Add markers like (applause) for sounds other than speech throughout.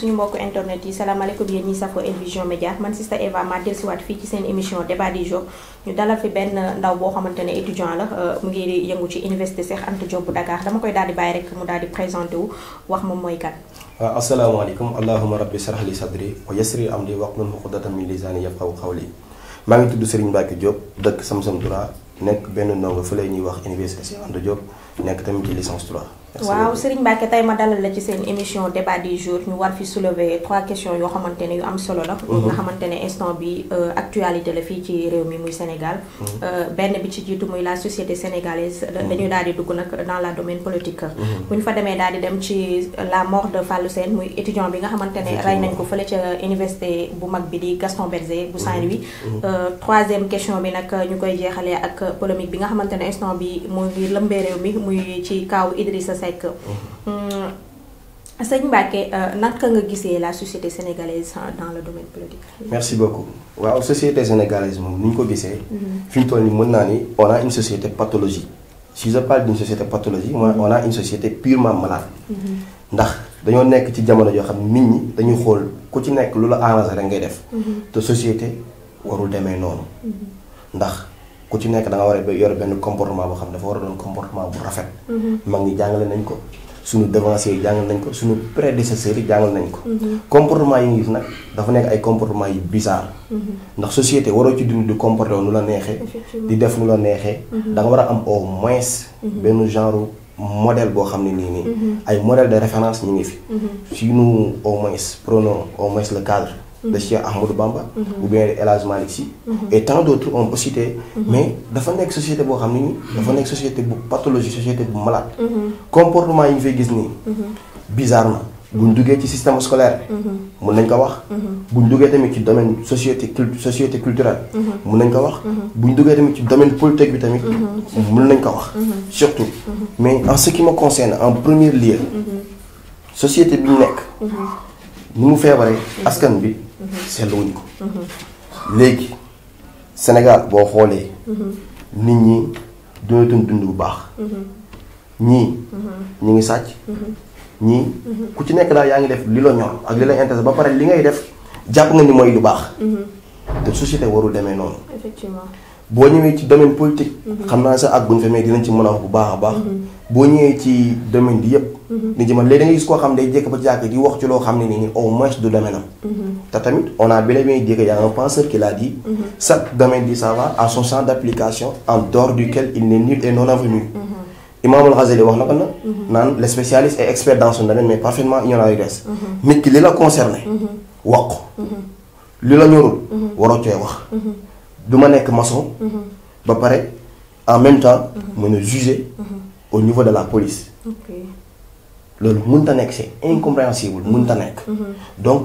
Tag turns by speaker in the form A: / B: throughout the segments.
A: suñu mbokk internet yi salaamaaleykum yéen ñi safo El Vision Média man sista Eva ma dellusiwaat fii ci seen émission débat du jour ñu dalal fi benn ndaw boo xamante ne étudiant la euh, mu ngi yëngu ci université Cheikh Anta Diop bu Dakar dama koy daal di bàyyi rek mu daal di présenté wu wax moom mooy kan.
B: waaw euh, asalaamaaleykum allahuma rabbi shrah li sadri wax yassir li amri wahlul uqdatan min lisani xaw qawli maa ngi tudd Serigne Mbacke Diop dëkk Samsam 3 nekk benn ndongo fële ñuy wax université Cheikh Anta Diop nekk tamit ci licence 3.
A: waaw Serigne Mbacke tey ma dalal la ci seen émission débat du jour ñu war fi soulever trois questions yoo xamante ne yu am solo la. Mhm. nga xamante ne instant bi euh, actualité la fii ci réew mi muy Sénégal. Mhm. Euh, benn bi ci jiitu muy la société sénégalaise. Mhm. dañu daal di dugg nag dans la domaine politique. bu ñu fa demee daal di dem ci la mort de Fallou Sène muy étudiant bi nga xamante ne rey nañ ko fële ca université bu mag bi di Gaston Berger bu Saint-Louis. Euh, troisième question bi nak ñu koy jeexalee ak polémique bi nga xamante ne instant bi mu ngi lëmbee réew mi muy ci kaw Idrissa Seck sëñ Mbacké euh, naka nga gisee la société sénégalaise hein, dans le domaine
B: politique. merci beaucoup waaw société sénégalaise moom niñ ko gisee. Mhm. ni on a une société pathologique si je parle d'une société pathologique mhm. on a une société purement malade. Mhm. ndax dañoo nekk ci jamono joo xam nit ñi dañuy xool ku ci nekk lu la arrangé rek ngay def. te société warul demee noonu. ndax ku ci nekk da nga war a yor benn comportement boo xam ne dafa war a doon comportement bu rafet. Mm-hmm. mag ñi jàngale nañ ko suñu devanciers yi jàngal nañ ko suñu prédécesseurs yi jàngal nañ ko. Mm-hmm. comportement yi ngi gis nag dafa nekk ay comportement yu bizarre. Mm-hmm. ndax société waroo ci dund di comporté nu la neexee. di def nu la neexee. da war a am au moins. benn genre modèle boo xam ne nii ay modèle de référence ñu ngi fi. si nous au moins prenons au moins le cadre. le Cheikh de Bamba. Mhm. ou bien El Hadj ici. Mhm. et tant d'autres on peut citer. Mhm. mais dafa y société boo xam qui la dafa nekk société bu pathologie société malade. comportement yi ñu fay bizarrement. bizarre si buñ ci système scolaire
C: vous
B: mun le ko wax. buñ tamit domaine société la société culturelle. vous nañ le wax. buñ duggee tamit ci domaine politique bi tamit.
C: mun nañ ko wax.
B: surtout mais en ce qui me concerne en premier lieu. société de ñu nous ni mu askan seetluwuñ ko. Mhm. léegi Sénégal boo xoolee. Mhm. nit ñi dootuñ dund bu baax. Mhm. ñii. ñu ngi sàcc. ñii ku ci nekk daal yaa ngi def li la ñor ak li la intéressé ba pare li ngay def jàpp nga ni mooy lu baax. te société warul demee noonu. effectivement boo ñëwee ci domaine politique. xam naa sa ak bu ñu fa dinañ ci mën a wax bu baax a baax. boo ñëwee ci domaine bi yëpp. ni jëmal léegi da ngay gis koo xam ne day jékk ba jàkk di wax ci loo xam ne nii au moins du domaine am. on a bel bien dit qu'il y a un penseur qui l'a dit. domaine mhm. son champ d'application en dehors duquel il n'est nul et non avenu. Mhm. Imam Al-Ghazali wax
C: mhm.
B: est dans son domaine mais parfaitement ignorant a la Mais concerné. un maçon. en même temps. je au niveau de la police. c'est incompréhensible donc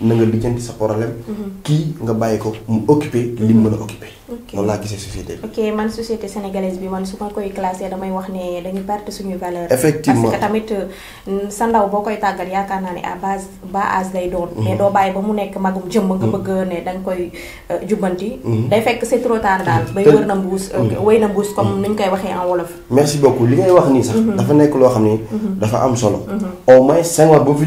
B: na nga lijjanti sa problème. Mhm. kii nga bàyyi ko mu occupé li mu mën a occupé. noonu laa gisee société bi. ok
A: man société sénégalaise bi man su ma koy classé damay wax ne dañu perte suñu valeur. effectivement parce que tamit euh, sa ndaw boo koy tàggat yaakaar naa ne à ba bas âge lay doon. Mhm. mais doo bàyyi ba mu nekk magum jëmm nga mhm. bëgg ne da nga koy euh, jubbanti. day fekk c'est trop tard daal. bay wër na mbuus euh, wéy na mbuus comme ni ñu koy waxee en wolof.
B: merci beaucoup li ngay wax nii sax. dafa nekk loo xam ne da am solo. au moins cinq mois bu fi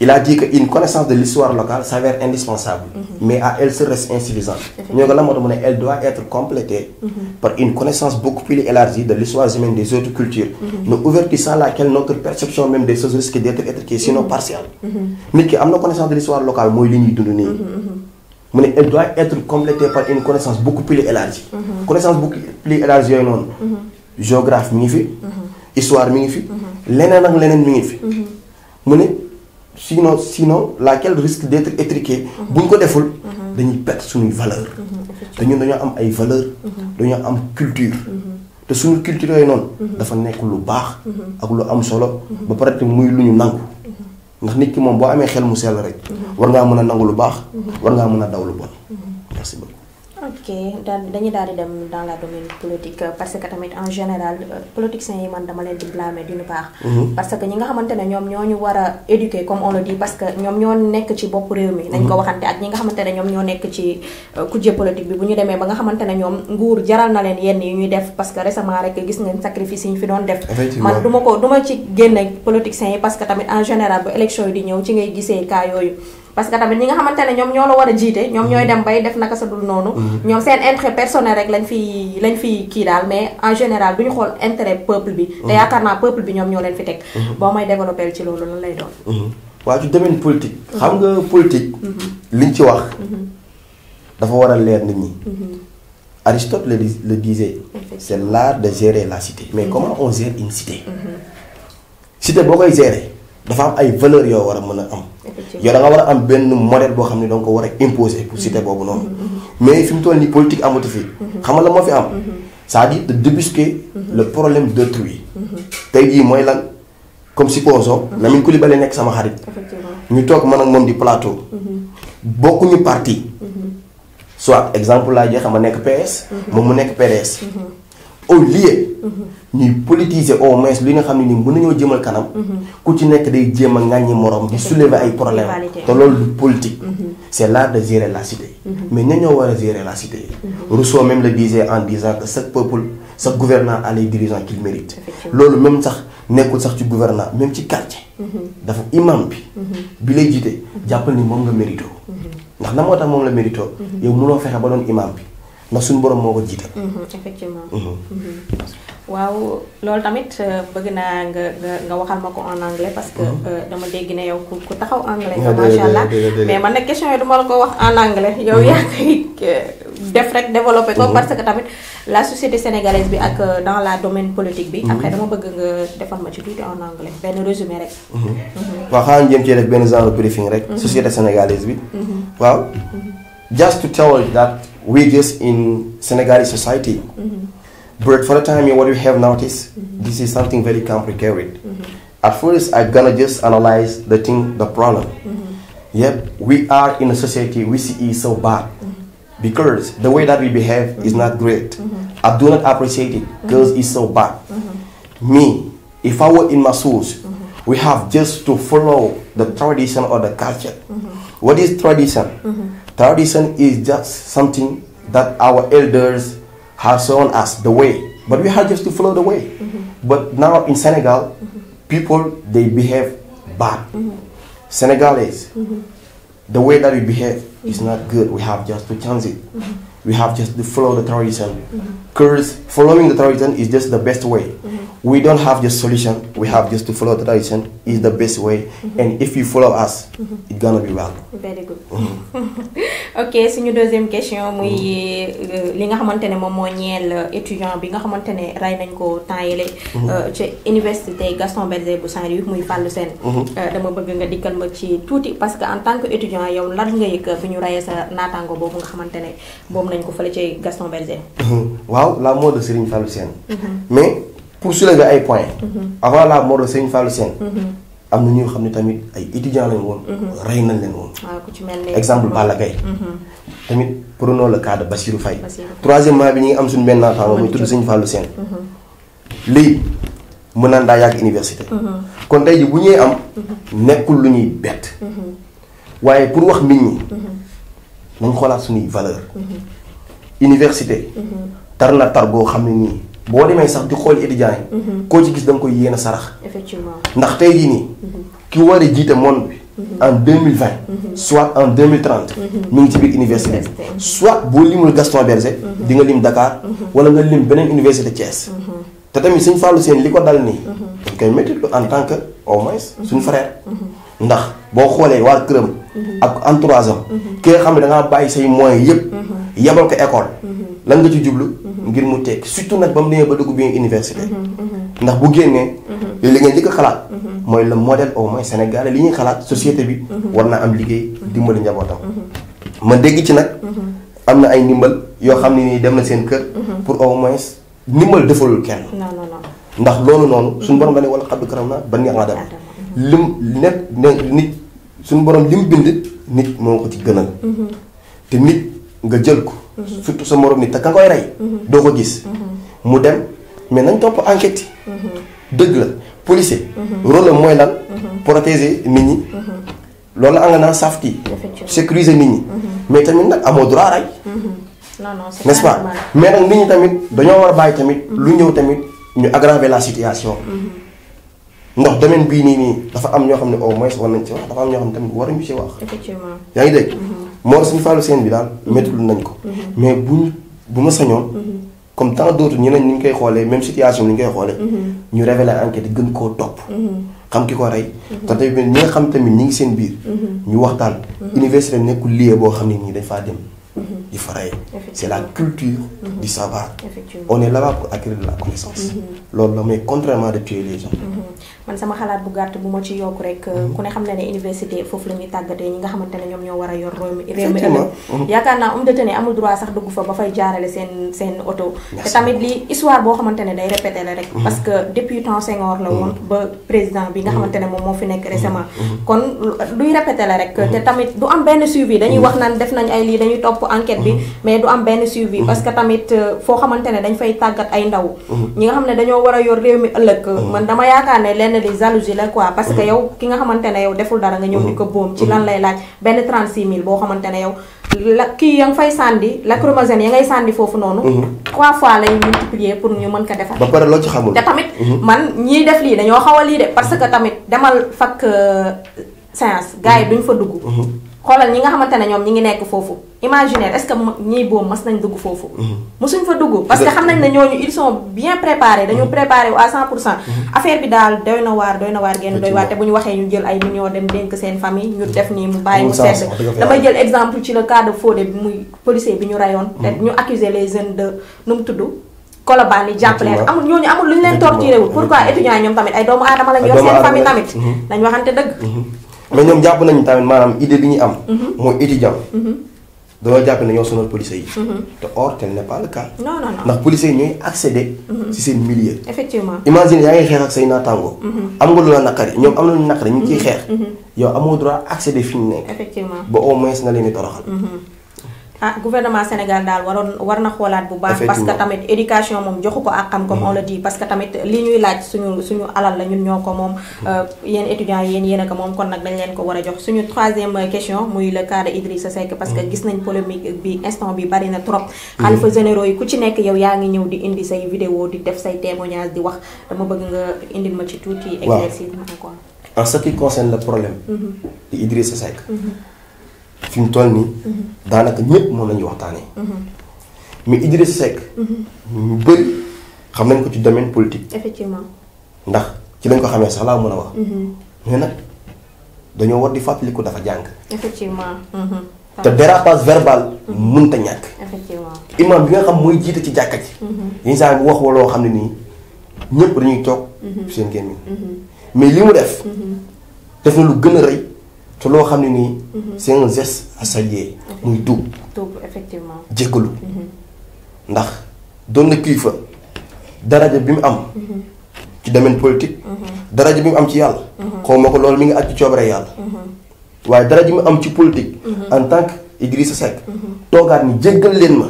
B: Il a dit qu'une connaissance de l'histoire locale s'avère indispensable, mhm. mais à elle se reste insuffisante. Elle doit être complétée mhm. par une connaissance beaucoup plus élargie de l'histoire humaine des autres cultures, mhm. nous ouvertissant laquelle notre perception même des choses risque d'être être, sinon partielle. Mais qui a une connaissance de l'histoire locale, elle doit être complétée par une connaissance beaucoup plus élargie. Connaissance beaucoup plus élargie, non. géographe, histoire, leneen ak mi ngi sinon laquelle risque d'être étriquée si on ko deful dañuy perte suñuy valeur
C: mhm,
B: mhm, valeurs. ñun am ay nous mhm. avons am culture te suñu culture yooyu non dafa nekk lu baax ak lu am solo ba pare te muy lu ñu nangu ndax nit ki moom boo amee xel mu sell rek war ngaa mën a lu baax merci
A: ok daal dañuy daal di dem dans la domaine politique euh, parce que tamit en général euh, politiciens yi man dama leen di blâmer d'une part. Mhm. parce que ñi nga xamante ne ñoom ñoo nekk ci bopp mhm. euh, politique bi bu ñu demee ba nga xamante ne ñoom nguur jaral na leen yenn yi ñuy def parce que récemment rek gis ngeen sacrifice yi ñu fi doon def. man du ko du ma ci génne politiciens yi parce que tamit en général bu élection yi di ñëw ci ngay gisee cas yooyu. parce que tamit ñi nga xamante ne ñoom ñoo la war a jiite ñoom ñooy mm-hmm. dem bay def naka sa dul noonu mm-hmm. ñoom seen intérêt personnel rek lañ fi lañ fi kii daal mais en général du ñu xool intérêt peuple bi te mm-hmm. yaakaar naa peuple bi ñoom ñoo leen fi teg boo may développé ci loolu lan lay
B: doon waaw ci domaine politique xam nga li ñu ci wax dafa war a leer nit ñi Aristote le, le disait c'est l'art de gérer la cité mais comment on gère une cité cité boo koy gérer dafa am ay valeur yoo war a mën a am. yow da nga war a am benn modèle boo xam ne da nga ko war a imposer pour cité boobu noonu. Mm-hmm, mm-hmm. mais fi mu toll nii politique amatu fi. Mm-hmm. xam nga la moo fi am. c'est-à-dire de débusquer le problème de d'autrui. tey jii mooy lan comme supposons. Lamine Coulibaly nekk sama xarit. ñu toog man ak moom di plateau. bokkuñu parti. soit exemple laa xam ma nekk PS. moom mu nekk PDS. au lieu ñuy politiser au moins li nga xam ne ni mën nañoo jëmal kanam ku ci nekk day jéem a ŋàññi morom di soulever ay problème te loolu politique mhm. c'est l'art de gérer la cité mhm. mais ña ñoo war a gérer la cité mhm. Rousseau même le disait en disant que chaque peuple chaque gouvernant a les dirigeants qu'il mérite loolu même sax nekkul sax ci gouvernant même ci quartier dafa imam bi bi lay jiite jàppal ni moom nga mérito ndax na moo tax moom la mérito yow mënoo ba doon imam bi ndax suñu borom moo ko jiital.
A: Mhm, effectivement. Mhm. Mhm. waaw loolu tamit euh, bëgg naa nga nga waxal ma ko en anglais parce que euh, dama dégg ne yow ku taxaw anglais. nga macha mais man na question yi du la ko wax en anglais. yow yaa koy euh, def rek développé ko. parce que tamit la société sénégalaise bi ak dans la domaine politique bi. après dama bëgg nga defal ma ci tuuti en anglais benn résumé rek.
B: waaw xanaa jëm cee def benn genre briefing rek. société sénégalaise bi. waaw just to that. wages in Senegalese society. Mm-hmm. But for the time, what we have noticed, mm-hmm. this is something very complicated. Mm-hmm. At first, I'm gonna just analyze the thing, the problem. Yep, we are in a society which is so bad because the way that we behave is not great. I do not appreciate it because it's so bad. Me, if I were in my shoes, we have just to follow the tradition or the culture. What is tradition? Tradition is just something that our elders have shown us the way, but we had just to follow the way. Mm -hmm. But now in Senegal, mm -hmm. people they behave bad. Mm -hmm. Senegalese, mm-hmm. the way that we behave is mm-hmm. not good. We have just to change it. Mm-hmm. We have just to follow the tradition. Because following the tradition is just the best way we don't have the solution. We have just to follow the tradition is the best way. Mm -hmm. And if you follow us, mm -hmm. it's gonna be well. very good. Mm-hmm.
A: (laughs) ok suñu deuxième question muy euh, li nga xamante ne moom moo ñeel euh, étudiant bi nga xamante ne rey nañ ko temps yële. Mm-hmm. Euh, ci université Gaston Berger bu Saint-Louis muy Fallou Sène. Mm-hmm. dama bëgg nga dikkal ma ci tuuti parce que en tant que étudiant yow lan nga yëg bi ñu reyee sa naataango boobu nga xamante ne boobu nañ ko fële ci Gaston Berger.
B: waaw la mort de Serigne Fallou Sène. mais pour soulever ay points. Mhm. avant la mort de Serigne Fallou Sène. Mhm. am na ñoo xam ne tamit ay étudiants lañ woon. Mhm. rey nañ leen woon.
C: ku ci mel ne exemple Balla
B: Gaye tamit prenons le cas de Bassirou Faye. troisièmement bi ñu ngi am suñu benn naataango muy tudd Serigne Fallou Sène. lii mën naan daa yàgg université. kon tey ji bu ñuy am. nekkul lu ñuy bett. waaye pour wax nit ñi. nañ xoolaat suñuy valeur. université. tar na tar boo xam ne nii. boo demee sax di xol Idi yi. Mhm. ko ci gis dang koy yéene sarax. effectivement ndax tay jii nii. Mhm. ki war jité jiite monde bi. Mhm. en 2020 soit en 2030 mille ngi ci biir université soit boo limul Gaston Berger. di nga lim Dakar. wala nga lim benen université Thiès. te tamit Seigne Fallou seen liko dal ni kay metti en tant que au moins suñu frère. ndax boo xoolee waa këram. Mhm. ak entourage am. Mhm. ki nga xam ne da bàyyi say moyens yëpp.
C: Mhm.
B: yebal ko école. lan nga ci jublu. ngir mu tekki surtout nag ba mu nee ba dugg bi université. ndax bu génnee. li ngeen njëkk a xalaat. mooy le modèle au moins sénégalais li ñuy xalaat société bi. war naa am liggéey dimbali njabootam. ma dégg ci nag. am na ay ndimbal yoo xam ne nii dem na seen kër. pour au moins ndimbal defalul kenn.
C: non non
B: ndax loolu noonu. suñu borom la ne wala xaddu karam naa ba neex lim nekk ne nit suñu borom lim bind nit moo ko ci gënal. Mhm. te nit nga jël ko. Mhm. surtout sa morom nit te ka koy rey. Mhm. doo ko gis. mu dem mais nañ topp enquête yi. dëgg la policier. rôle mooy lan. protéger nit ñi. loolu la nga naan safti sécuriser nit ñi. mais tamit nag amoo droit rey.
C: non nest pas
B: mais nag nit ñi tamit dañoo war a bàyyi tamit. lu ñëw tamit ñu aggraver la situation. ndax domaine bii nii nii dafa am ñoo xam ne au moins war nañ ci wax dafa am ñoo xam ne tamit waruñu ci wax. effectivement yaa ngi dégg. Mhm. Mor suñu faalu seen bi daal mhm. méttiwul nañ ko. Mhm. mais buñ bu ma sañoon. comme tant d'autres ñeneen ñu koy xoolee même situation ni ngi koy xoolee. ñu révélé enquête gën koo topp. xam ki ko rey. te tamit ñi nga xam tamit ñi ngi seen biir. ñu waxtaan. université nekkul lieu boo xam ne nii dañ faa dem. di fa rey c'est la culture du savoir. on est là-bas pour acquérir de la connaissance. loolu la mais contrairement de tuer les gens.
A: man sama xalaat bu gàtt bu ma ci yokk rek euh, mhm. ku ne xam ne ne université foofu la ñuy tàggatee ñi nga mhm. seen seen oto te tamit boo xamante ne day répété rek mhm. parce que depuis temps Senghor la woon ba président bi xamante ne moom moo fi nekk récemment kon luy euh, répété la rek te tamit du am benn suivi dañuy wax naan def nañ ay lii dañuy topp enquête bi mais du am benn suivi parce que tamit euh, foo xamante ne dañ fay tàggat ay ndaw ñi nga xam ne dañoo war a yor réew mi ëllëg man dama yaakaar ne mooy lenn li jalousie la quoi parce que yow ki nga xamante ne yow deful dara nga ñëw di ko boom ci lan lay laaj benn 36000 boo xamante ne yow la kii ya nga fay sànni lacrymogène ya ngay sànni foofu noonu mhm. trois fois lay multiplier pour ñu mën ko defar ba
B: pare loo ci xamul te
A: tamit mhm. man ñiy def lii dañoo xaw a lii de parce que tamit demal fakk euh, séance gars yi mhm. duñ fa dugg xoolal ñi nga xamante ne ñoom ñi ngi nekk foofu imaginaire est-ce que ñiy boobu mas nañ dugg foofu mhm. mosuñ fa dugg parce que xam nañ ne ñooñu ils sont bien préparés dañu mhm. préparé wu à 100 pour cent mhm. affaire bi daal doy na waar doy na waar genn doy waar te bu ñu waxee ñu jël ay millions dem dénk seen famille ñu def nii mu bàyyi mu sedd damay jël exemple ci le cas de Fodé bi muy policier bi ñu rayoon te ñu accuser les jeunes de nu mu tudd Colobane yi jàpp leen amul ñooñu amul lu ñu leen torturé wul pourquoi étudiant yi ñoom tamit ay doomu aadama lañ yor seen famille tamit nañ waxante
B: dëgg mais ñoom jàpp nañu tamit maanaam idée bi ñu am. Mhm. mooy étudiant. Mhm. dañoo jàpp nañoo ñoo sonal policiers yi. Mhm. te or tel n'est pas le cas. ndax policiers yi ñooy accéder. ci seen milieu.
A: effectivement imagine yaa ngi xeex ak
B: say tàngoo am nga lu na naqari ñoom am na lu naqari ñu ngi ciy xeex. yow amoo droit accéder fi ñu nekk.
A: effectivement ba
B: au moins nga leen di
A: ah gouvernement Sénégal daal waroon war na xoolaat bu baax. parce que tamit éducation moom joxu ko ak xam comme on le mm-hmm. dit parce que tamit li ñuy laaj suñu suñu alal la ñoo ko moom. Mm-hmm. Euh, yéen étudiants yéen yéen a ko moom kon nag dañ leen ko war a jox suñu troisième question muy le cas de Idrissa Seck. parce mm-hmm. gis nañ polémique bi instant bi bari na trop. xalifa généraux yi ku ci nekk yow yaa ngi ñëw di indi say vidéo di def say témoignage di wax dama bëgg nga indi ma ci tuuti.
B: waaw exercice ma encore. en ce qui concerne fi mu toll nii. Mhm. daanaka ñëpp moom la ñuy waxtaanee. Mhm. mais Idriss Seck.
A: Mhm.
B: ñu bëri xam nañ ko ci domaine politique. effectivement ndax ci lañ ko xamee sax laa mën a wax. mais nag dañoo war di fàttaliku dafa jàng.
A: effectivement.
C: te dérapage
B: verbal. mënta ñàkk. imam bi nga xam mooy jiite ci jàkka ji. yenn saa bu wax wala loo xam ne nii ñëpp dañuy toog. seen gémmiñ mais li mu def. def na lu gën a rëy. te lo xamni ni mhm. c'est un geste à saluer. muy tuub.
A: tuub effectivement. djeglu mhm.
B: ndax don na kilifa daraja bi mu am. Mhm. ci domaine politique. daraja bi mu am ci yalla xomako lolou mi nga àgg ci coobare yàlla. waaye daraja bi am ci politique. en tant que Idrissa sek toogaat ni djegal len ma.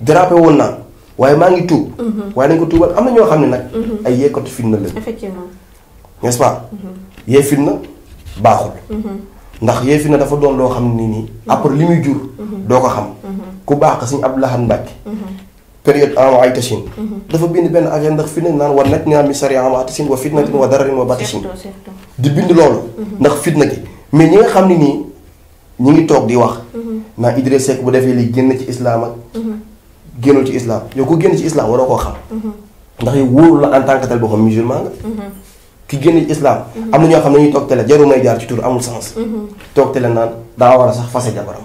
B: drapé woon naa waaye maa ngi tuub. waye dañ ko tuubal am na ñoo xam ne nag. ay yeekatu fitna la. effectivement n'est-ce pas. yee fitna. baaxul. ndax yee fi na dafa doon loo xam ni nii après li muy jur. doo ko xam. ku baax ka suñ ab Lahad Mbacké période ama ay tashin dafa bind benn affaire ndax fi naan war naj naa mi sari ama tashin wa fitnatin wa dararin wa batashin di bind loolu ndax fitna gi mais ñi nga xam ne nii ñi ngi toog di wax naa Idrissa Seck bu defee lii génn ci islam ak génnul ci islam yow ku génn ci islam waroo ko xam ndax yow wóoru la en tant que boo xam musulman nga ki génn islam. Mhm. am na xam ne ñuy toog télé jarul may jaar ci tur amul sens. Mhm. toog télé naan daa war a sax fase jabaram.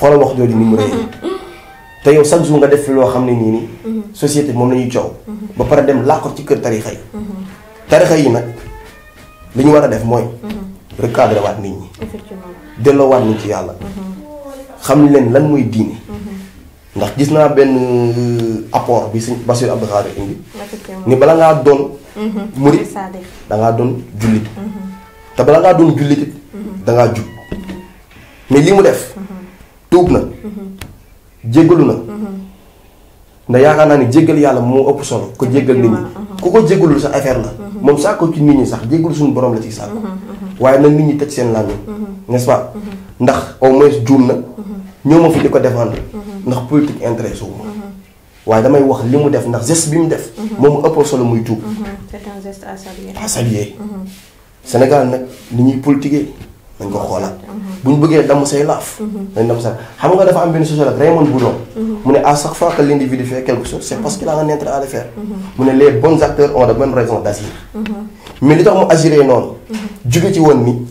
B: xoolal wax jooju ni mu rëy mhm. te yow chaque jour nga def loo xam ne nii nii. société moom la ñuy coow. ba pare dem làqu ci kër tarixa yi. tarixa yi nag li ñu war a def mooy. recadré waat nit ñi. delloowaat nit ci yàlla. xam leen lan mooy diine. ndax gis naa benn euh, apport bi sëñ basir Abdou indi ni bala ngaa doon
C: mhm. murit
B: da ngaa doon jullit mhm. te bala ngaa doon jullit mhm. da ngaa jub mais li mu def tuub na jéggalu na nda yaakaar naa ni jéggal yàlla moo ëpp solo ko jéggal nit ñi ku ko jéggalul sax affaire la moom ko ci nit ñi sax jéggalu suñu borom la ci sax. waaye nag nit ñi tëj seen làmmiñ n'est-ce pas ndax au moins juum na ñoo ma fi di ko défendre ndax politique intéressé wu ma mhm. waaye damay wax li mu def ndax geste bi mu def mhm. moom ëpp solo muy tuub mhm.
C: c'est un geste à
A: saluer
B: à saluer Sénégal nag ni ñuy politiquer dañ ko xoolaat bu ñu bëggee damm say laaf dañ damm say xam nga dafa am benn sociologue Raymond Boudon mu ne à chaque fois que l'individu fait quelque chose c'est parce qu'il a un intérêt à le faire mu ne les bons acteurs ont de bonnes raisons d'agir mais li tax mu agiré noonu jóge ci woon ni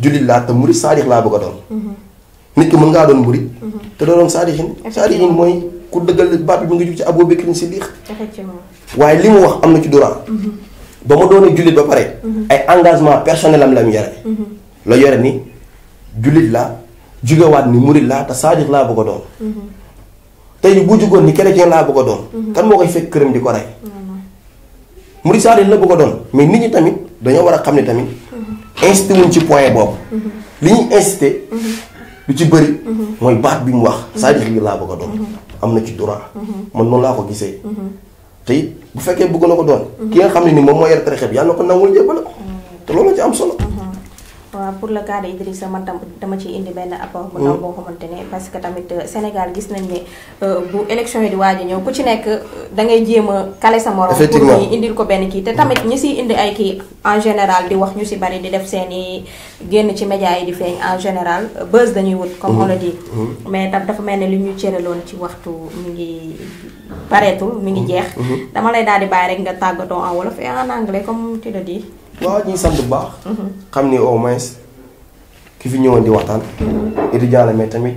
B: jullit laa te murit saadix laa bëgg a doon nit ki mën ngaa doon murit te doo doon saadixiin mooy ku dëggal baat bi mu ngi jug ci Abu Bakrin Siddiq waaye li mu wax am na ci droit mhm. ba ma doon jullit ba pare mhm. ay engagement personnel am la mu yore mhm. la yore ni jullit laa jugewaat ni murit laa te saadix laa bëgg a doon tey bu jugoon ni chrétien laa bëgg a doon kan moo koy fekk këram di ko rey murit saadix la bëgg a doon mais nit ñi tamit dañoo war a xam ne tamit incité wuñ ci point boobu li ñuy incité lu ci bëri. Mhm. mooy baat bi mu wax. Mhm. c'est-à-dire lii laa bëgg a doon. Mhm. am na ci droit. man noonu laa ko gisee. te it bu fekkee bëgg na ko doon. ki nga xam ne ni moom moo yar tarixa bi yàlla na ko nangul njëbbal te loolu ci am solo.
A: pour le cas de Idrissa man tam dama ci indi benn apport bu ndaw boo xamante ne parce que tamit Sénégal gis nañ ne bu élection yi di waaj a ñëw ku ci nekk eh, da ngay jéem a kale sa morom pour ñu indil ko benn kii te tamit hmm. ñi siy indi ay kii en général di wax ñu si bari di eh, hmm. Hmm. def seen i génn ci média yi di feeñ en général buzz dañuy wut comme on le dit mais tam dafa mel ne li ñu cëraloon ci waxtu mi ngi pareetul mi ngi jeex dama lay daal di rek nga tàggatoo en wolof et en anglais comme
B: tu le dis waaw ñu ngi bu baax. xam ni au moins ki fi ñëwoon di waxtaan. étudiant la mais tamit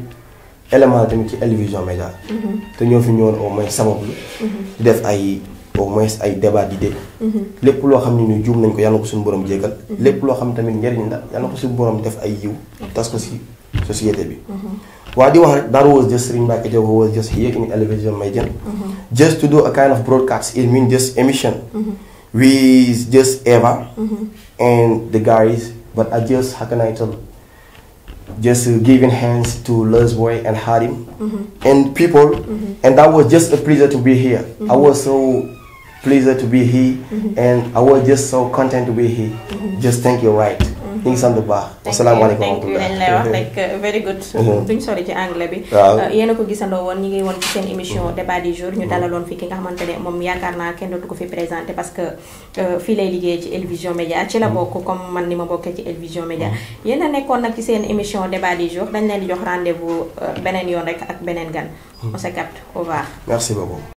B: élément la tamit ci El Vision Médias. Mhm. te ñoo fi ñëwoon au moins sabablu. Mhm. di def ay au moins ay débat di dégg. Mhm. lépp loo xam ne ñu juum nañ ko yàlla ko suñu borom jéggal. lépp loo xam tamit njëriñ la yàlla ko suñu borom def ay yiw tas ko si société bi. Well, the one that was just sitting back there was just here in television media. Mm -hmm. to do a kind of broadcast, it means just we just Eva mm-hmm. and the guys, but I just how can I tell? Just uh, giving hands to Les Boy and Harim
C: mm-hmm.
B: and people, mm-hmm. and that was just a pleasure to be here. I was so pleased to be here, and I was just so content to be here. Just thank you, right? ñu ngi sant bu baax. asalaamaaleykum wa
A: rahmatulah dañ sori ci anglais bi. waaw uh, yéen ko gisandoo woon ñu ngi woon ci seen émission mm-hmm. débat du jour ñu mm-hmm. dalaloon fi ki nga xamante ne moom yaakaar naa kenn dootu ko fi présenté parce que uh, fii lay liggéey ci Elvision Média ci la mm-hmm. bokk comme man ni ma bokkee ci Elvision Média yéen a nekkoon nag ci seen émission débat du jour dañ leen di jox rendez vous uh, beneen yoon rek ak beneen gan. on se capte au revoir.
B: merci beaucoup.